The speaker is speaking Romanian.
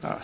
Da.